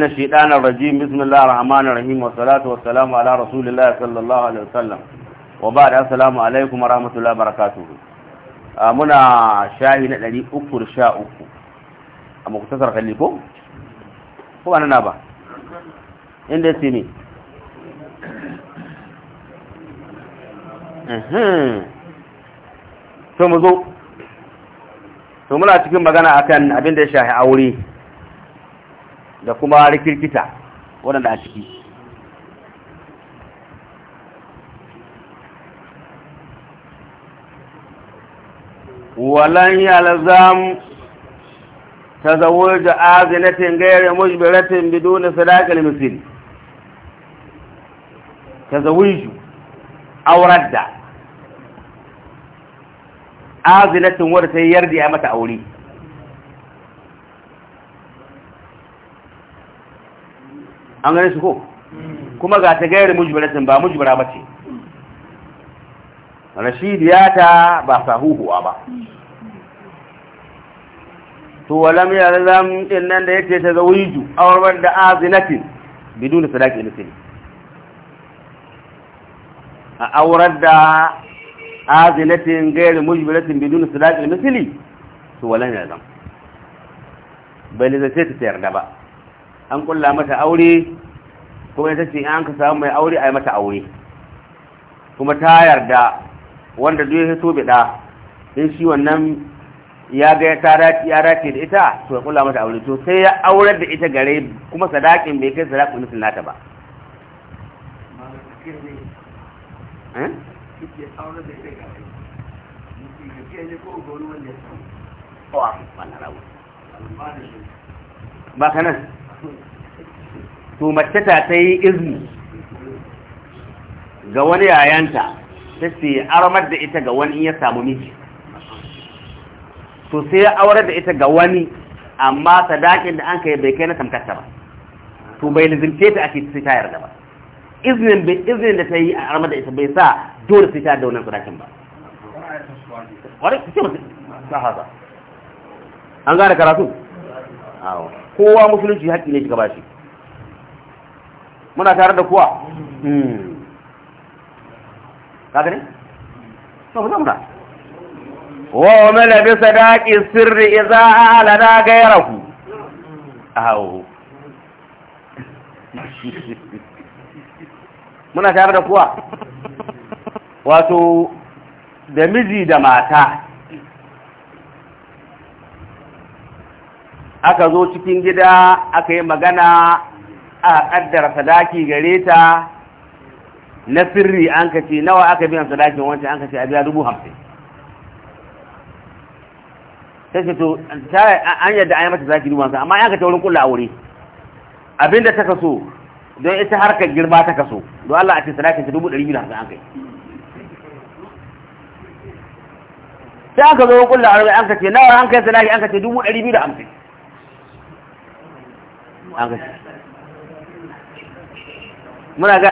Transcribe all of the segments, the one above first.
من الشيطان الرجيم بسم الله الرحمن الرحيم والصلاة والسلام على رسول الله صلى الله عليه وسلم وبعد السلام عليكم ورحمة الله وبركاته muna shahi na ɗari uku da sha uku a muktasar kalli ko? ko ana ba inda su ne to mu zo to muna cikin magana akan abin da ya shahi aure da kuma rikirkita waɗanda a ciki walan ta yalzam da azinatin ghayr mujbiratin bidun sadaqil misl ju aw da azinatin wadda ta yi yarda mata aure an gane su ko kuma ga ta gairi mujibaratin ba mujibara ba ce ya ta ba sahuhuwa ba to walam ya zam din nan da yake ta zawiju aurban da azinatin bidun sadaqi lisin a aurar da azinatin gairi mujibaratin bidun sadaqi lisin to walam ya zam bai ne zai ta yarda ba an kulla mata aure kuma ita ce an ka samu mai aure a yi mata aure kuma ta yarda wanda duk ya so bida in shi wannan ya ga ya tara ya race da ita to ya kulla mata aure to sai ya aurar da ita gare kuma sadakin bai kai sadakin nufin nata ba eh? ba nan to mace ta ta yi izini ga wani yayanta ta ce armar da ita ga wani ya samu miji to sai ya aure da ita ga wani amma sadakin da an kai bai kai na tamkata ba to bai lizince ta ake sai ta yarda ba izinin bai izinin da ta yi a armar da ita bai sa dole sai ta da wannan sadakin ba wani ta haza an gane karatu awo kowa musulunci haƙƙi ne shiga bashi muna tare da kuwa hmm. kaga ne? sau zama na wa mala bi sadaqi sirri idza alana ghayrahu aw muna tare da kuwa wato da miji da mata aka zo cikin gida aka yi magana a ƙaddara sadaki gare ta na sirri an ka ce nawa aka biyan sadakin wancan an ka ce a biya dubu hamsin ta ce to an yadda an yi mata zaki dubu hamsin amma an ka ce wurin kulla aure abinda ta kaso don ita harkar girma ta kaso don Allah a ce sadakin ta dubu ɗari biyu da hamsin an kai sai aka zo kulla aure an ka ce nawa an kai sadaki an ka ce dubu ɗari biyu da hamsin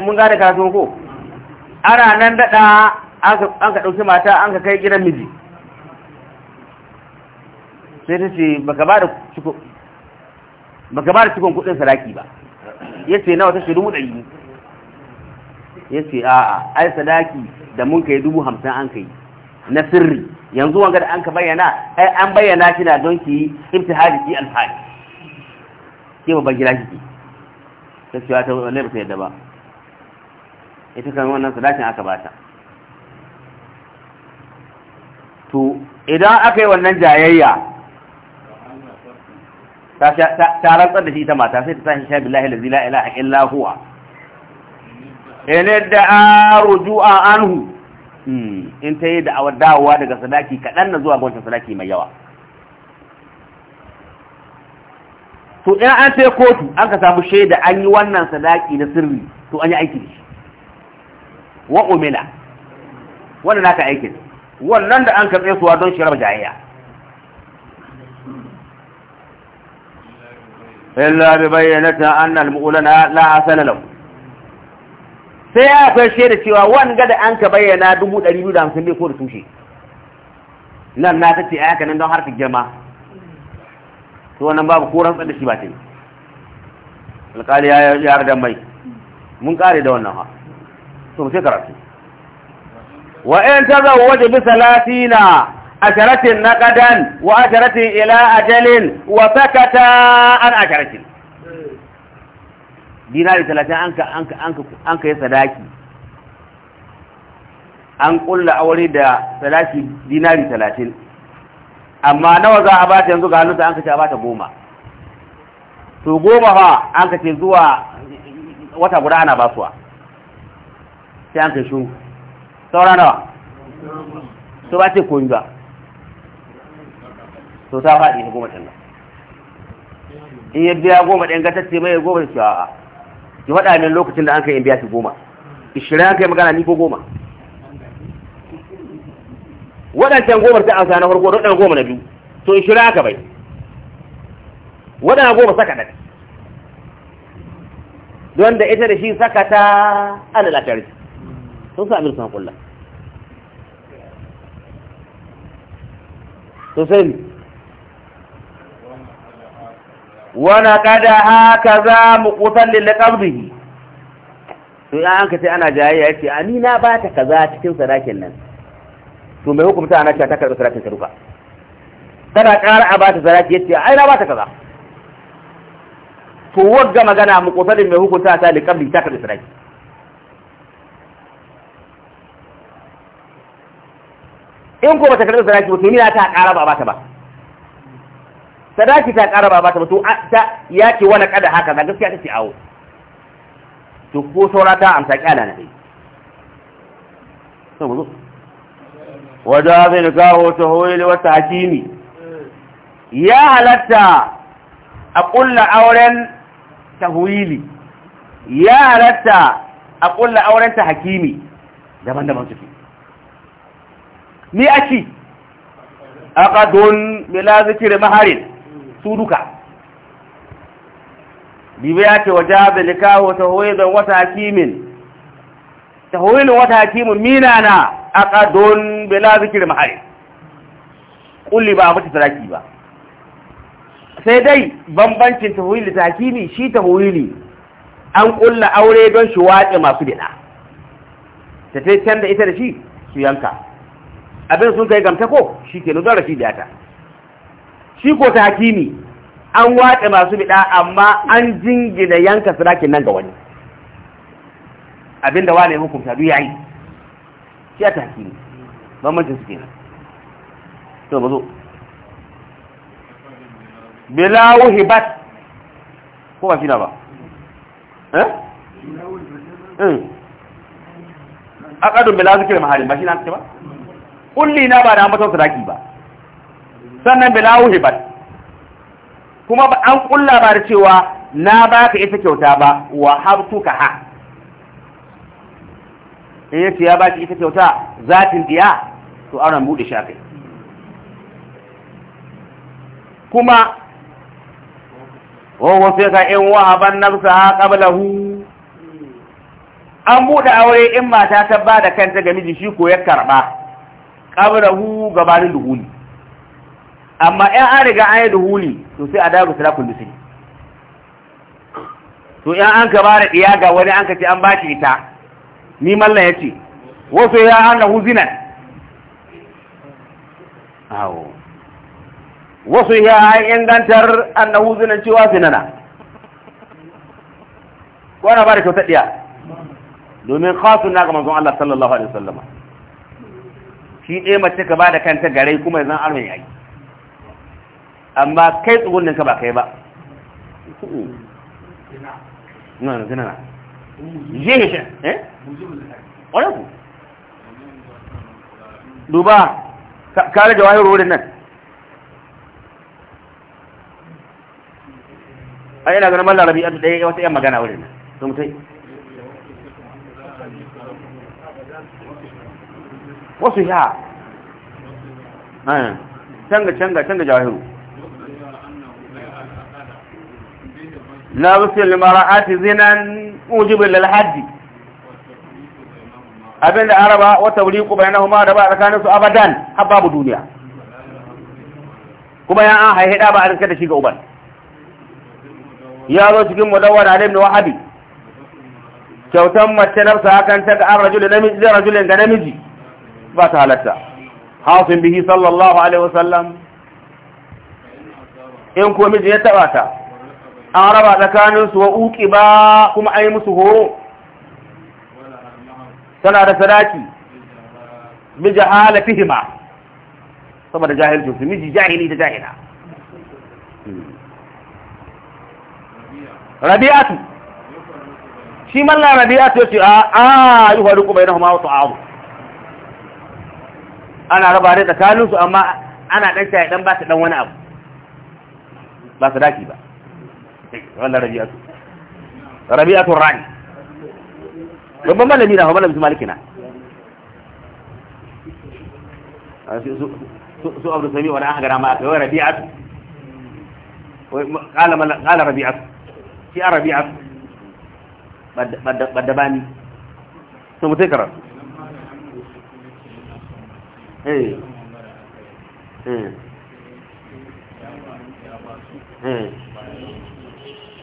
mun gane kasuwan ko ana nan daɗa an ka ɗauki mata an ka kai gidan miji sai ta ce baka ba da cikon kudin sadaki ba ya ce nawa ta ce dubu ɗari ya ce a'a ai sadaki da mun kai dubu hamsin an kai na sirri yanzu wanga da an ka bayyana ai an bayyana shi na don ki yi imtihari ki alfahari ke babban gida kike ta cewa ta wani ba ta yadda ba ita kan wannan sadakin aka bata to idan aka yi wannan jayayya ta rantsar da shi ita mata sai ta tashi sha billahi zila ila a illa huwa ene da a a anhu hmm, in ta yi da dawowa daga sadaki kaɗan na zuwa gwancin sadaki mai yawa to in an sai kotu an ka samu shaida an yi wannan sadaki na sirri to an yi aiki da shi wa umila wannan naka aikin wannan da an karɓe suwa don shi raba jayayya illa bi bayyanata anna al-mu'lana la asala lahu sai ya akwai shaida cewa wanga da an ka bayyana 250 ne ko da tushe nan na tace aka nan don harfin girma to wannan babu ko rantsar da shi ba ta yi alƙali ya yarda mai mun kare da wannan ha to sai karatu wa in waje bi salatina asharatin naqadan wa asharatin ila ajalin wa sakata an asharatin dinari 30 an anka anka anka ya sadaki an kulla aure da sadaki dinari 30 amma nawa za a bata yanzu ga hannunta an kace a bata goma to goma fa an kace zuwa wata guda ana basuwa sai an kai shuru saura nawa to ba ce koyi ba to ta faɗi ne goma ɗin in ya biya goma ɗin ce mai goma da cewa a ki faɗa min lokacin da an kai in biya shi goma ishirin an kai magana ni ko goma waɗancan goma ta amsa na farko waɗannan goma na biyu to in shira aka bai waɗannan goma saka ɗaga. don da ita da shi saka ta ana lafiyarci sun sa amir sun kulla to sai ne wana kada haka za mu kusan lillaƙabdihi to ya an ka ce ana jayayya ya ce a ni na ba ta kaza cikin sadakin nan to mai hukumta ana cewa ta karɓi sadakin sadaka tana ƙara a bata sadaki yace ai na bata kaza to wagga magana mu kosarin mai hukunta ta liƙabi ta karɓi sadaki in ko bata karɓi sadaki ba to ni ta ƙara ba bata ba sadaki ta ƙara ba bata ba to ta ya ce wani kada haka na gaskiya ta ce awo to ko saura ta amsa kyala na dai wajen abin kawo ta hoyili wata hakimi ya halatta a ƙulla auren ta hoyili ya halatta a ƙulla auren ta hakimi daban-daban suke ni ci a ƙadon milazikir maharin su duka bibiya ce wajen abin kawo ta hoyilin wata hakimin تهويل وتحكيم مينانا أقد بلا ذكر محل قل لي بقى متى تراكي بقى سيدي بمبنشن تهويل تحكيمي shi تهويلي an ƙulla aure don shi waƙe masu bida ta ce can da ita da shi su yanka abin sun kai gamta ko shi ke nuzar da shi da ta shi ko ta hakimi an waƙe masu bida amma an jingina yanka sadakin nan ga wani abinda wane hukunta duk yayi shi ta hakimi bambancin su kenan to bazo bilawu hibat ko ba fina ba eh eh bilawu bila zikir mahalin ba shi na ba kulli na ba da ambaton sadaki ba sannan bilawu hibat kuma an kulla ba da cewa na baka ita kyauta ba wa habtuka ha sai ya ce ya ba shi ita kyauta zatin diya to ana buɗe shi akai kuma wawo sai ka in wahaban nafsa qablahu an buɗe aure in mata ta ba da kanta ga miji shi ko ya karɓa qablahu gabanin duhuli amma in an riga an yi duhuli to sai a dawo salakun dusuri to in an ka ba da iyaga ga wani an ka ce an ba shi ita ni mallan yace wasu ya annahu zina awo wasu ya ingantar annahu zina cewa zinana wannan ba da kyautar diya domin khasun na ga manzon Allah sallallahu alaihi wasallam shi ɗaya mace ka ba da kanta garai kuma yanzu an ya yi amma kai tsugunin ka ba kai ba na zina na jihin shi eh ƙwarar ku duba kare da wahiro wurin nan a yana ganin mallar rabi'atu ɗaya wata yan magana wurin nan sun mutai wasu sha eh. canga canga canga jawahiru na rusul ati zinan mujibu lil abinda araba wata wuri wa tawriqu bainahuma da ba tsakanin su abadan har babu duniya kuma ya an haihida ba a rinka da shi ga uban ya zo cikin mudawwar alim da wahabi kyautan mace nafsa hakan ta ga arrajul namiji da rajulin ga namiji ba ta halatta hasin bihi sallallahu alaihi wasallam in ko miji ya taba ta an raba tsakaninsu wa uki ba kuma a yi musu horo tana da sadaki bi jahala fihima saboda jahilcin su miji jahili da jahila rabi'atu shi malla rabi'atu ya ce a a yuhariqu bainahuma wa abu ana raba da tsakaninsu amma ana dan shaye dan ba su dan wani abu ba sadaki ba wala rabi'atu rabi'atu rani babban malami na malami maliki na su abu sami wani aka gara ma aka yi rabi'atu kala rabi'atu shi a rabi'atu badabani sun mutai karatu eh eh eh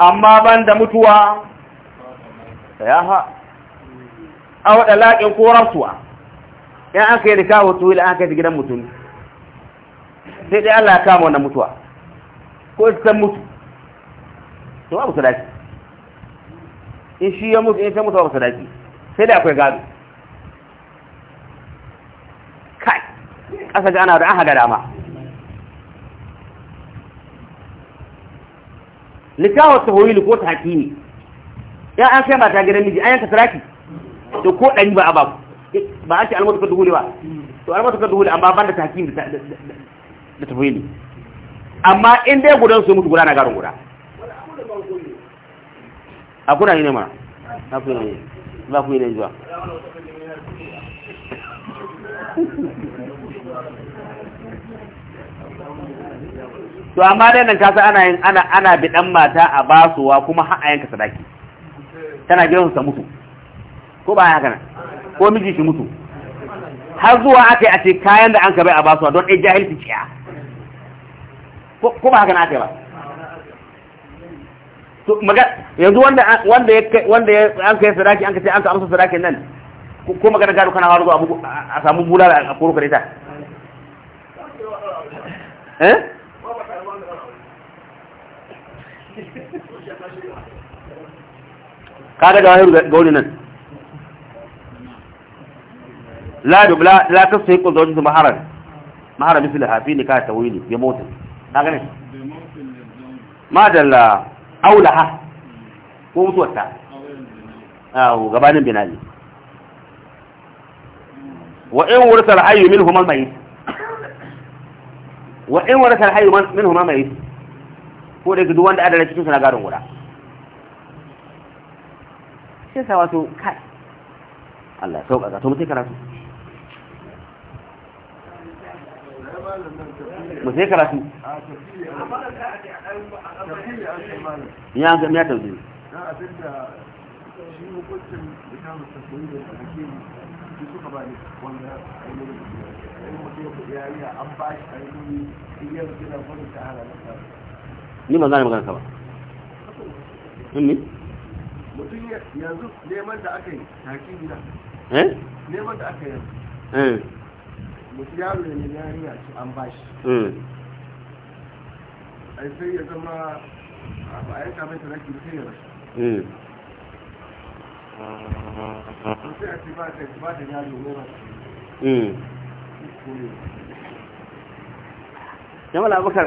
amma ban da mutuwa ya ha a waɗa laƙin korarsuwa ya yan an kai nikahu tuhila an kai ta gidan mutum sai dai Allah ya kama wannan mutuwa ko ita san mutu to mutu sadaki in shi ya mutu in san mutu babu sadaki sai dai akwai gado kai ƙasa ga ana da an haga dama nikahu tahwil ko tahkimi ya an sai mata gidan miji an yanka saraki to ko ɗari ba a ba ba a ce duhuli ba to almatu duhuli amma ban da tahkimi da tahwili amma in dai gudan su mutu guda na garin guda a kuna ne ma za ku yi ne zuwa to amma dai nan kasa ana yin ana ana bi dan mata a basuwa kuma har a yanka sadaki tana gidan su mutu ko ba haka nan ko miji shi mutu har zuwa aka yi a ce kayan da an ka bai a basuwa don ɗaya jahilci ciya ko ba haka na aka yi ba yanzu wanda wanda ya wanda ya an kai sadaki an ka ce an ka amsa sadaki nan ko magana gado kana hawo a samu bulala a koro kare ta eh kada da wahiru ga wani nan la dubla la kasu hikun zaujin su maharar maharar misali hafi ne ta tawili ya motin na da la aula ha ko ta awo gabanin binali wa in wurisar hayu min human mai wa in wurisar hayu min human mai ko da duk wanda adana cikin na guda shi sa wato kai Allah sauka ka to mutai karatu mu sai karatu ya ga ya ta ya an ba shi ainihin iya ni ba za ni magana ka ba inni mutum yanzu neman da aka yi taki gida eh neman da aka yi eh mutum yaro ne yarinya ce an bashi eh. ai sai ya zama ba a yanka mai taraki sai ya rashi eh. sai a ce ba ta yaro eh. ne ba jama'a abokar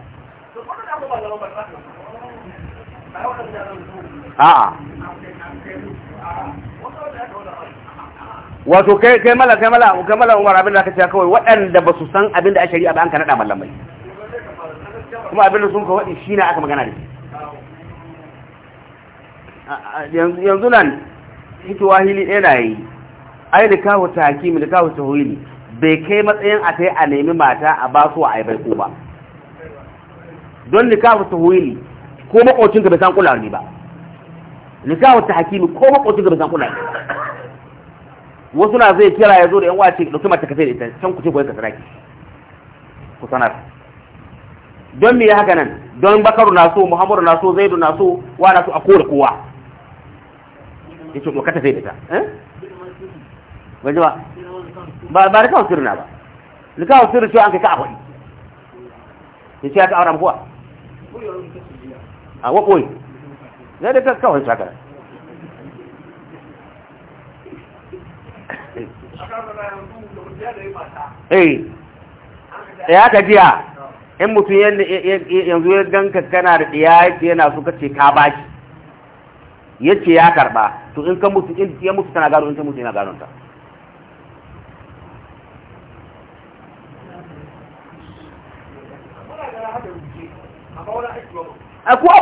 a'a wato kai kai mala kai mala kai mala Umar abin da ce kawai waɗanda ba su san abin da a shari'a ba an ka nada mallamai kuma abin da sun ka wadi shine aka magana da yanzu yanzu nan hito wahili ɗaya na yi ai da kawo takimi da kawo tahwili bai kai matsayin a kai a nemi mata a ba su a aibai ko ba don nikahu tahwili ko ka bai san kula ba nikawa ta hakimi ko makwacin gaban kula wasu na zai kira ya zo da yan wace da mata kafe da ita can ku ce ku yanka ku sanar don me ya haka nan don bakaru na so muhammadu na so zaidu na so wa na so a kore kowa ya ce ko tafe da ta eh? ban ba ba da kawo sirri na ba da kawo sirri cewa an kai ka a faɗi ya ce ya ka aura kuwa a wakoyi zai da kawai shakara eh. ya ka in mutum yanzu ya ganka kana da ɗiya yana so kace ka baki ya ce ya karba to in ka mutu in ya mutu tana gano in kan mutu yana gano ta a kuwa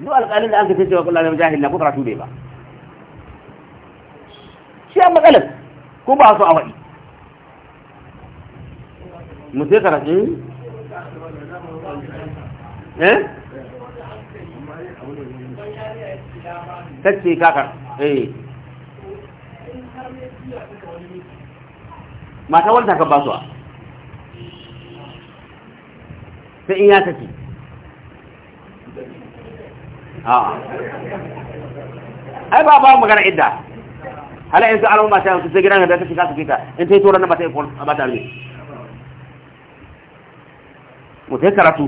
duk alƙalin da an kace cewa kullum jahil na ko karatu bai ba shi an matsalar ko ba su a mu sai karatu eh, eh? kace kaka eh mata wanda ka ba su a sai in ya kace ai ba ba magana idda hala in su alamu mata yanzu sai gidan da ta kasu su fita in ta yi ba sai ikon a mata ne Mu ya karatu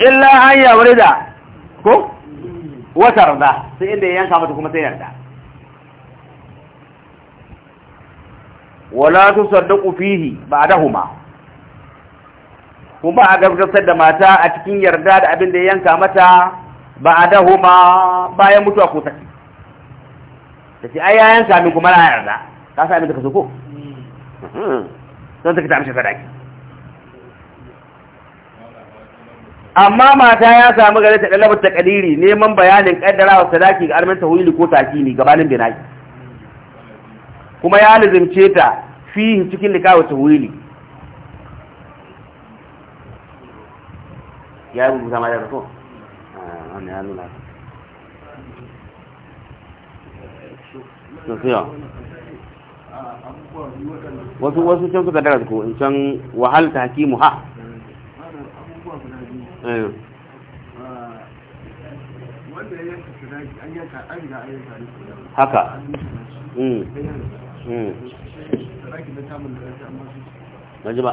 illa an wurida da ko wata rada sai inda ya yanka mata kuma sai yarda wala tusaddiqu fihi ba da huma kuma a gabatar da mata a cikin yarda da abin da ya yanka mata ba a dahuma bayan mutuwa ko saki ta ce ai ya yanka min kuma na yarda ka sa da ka so ko don ta kita amshi sadaki amma mata ya samu gare ta ɗalabar ta ƙadiri neman bayanin ƙaddara wa sadaki ga arminta wili ko taki ne gabanin binaki kuma ya lizimce ta fi cikin likawa ta wili ya rubuta ma da ko ah, wannan ya nuna wasu wasu can suka dara ko in can wahal hakimu ha eh. haka hmm. Hmm. na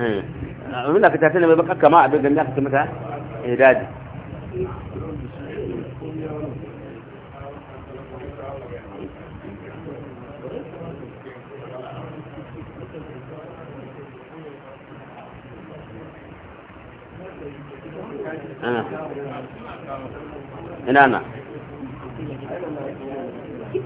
ايه لا كنت هتلم بقى كما عبد الله كنت هتلم نعم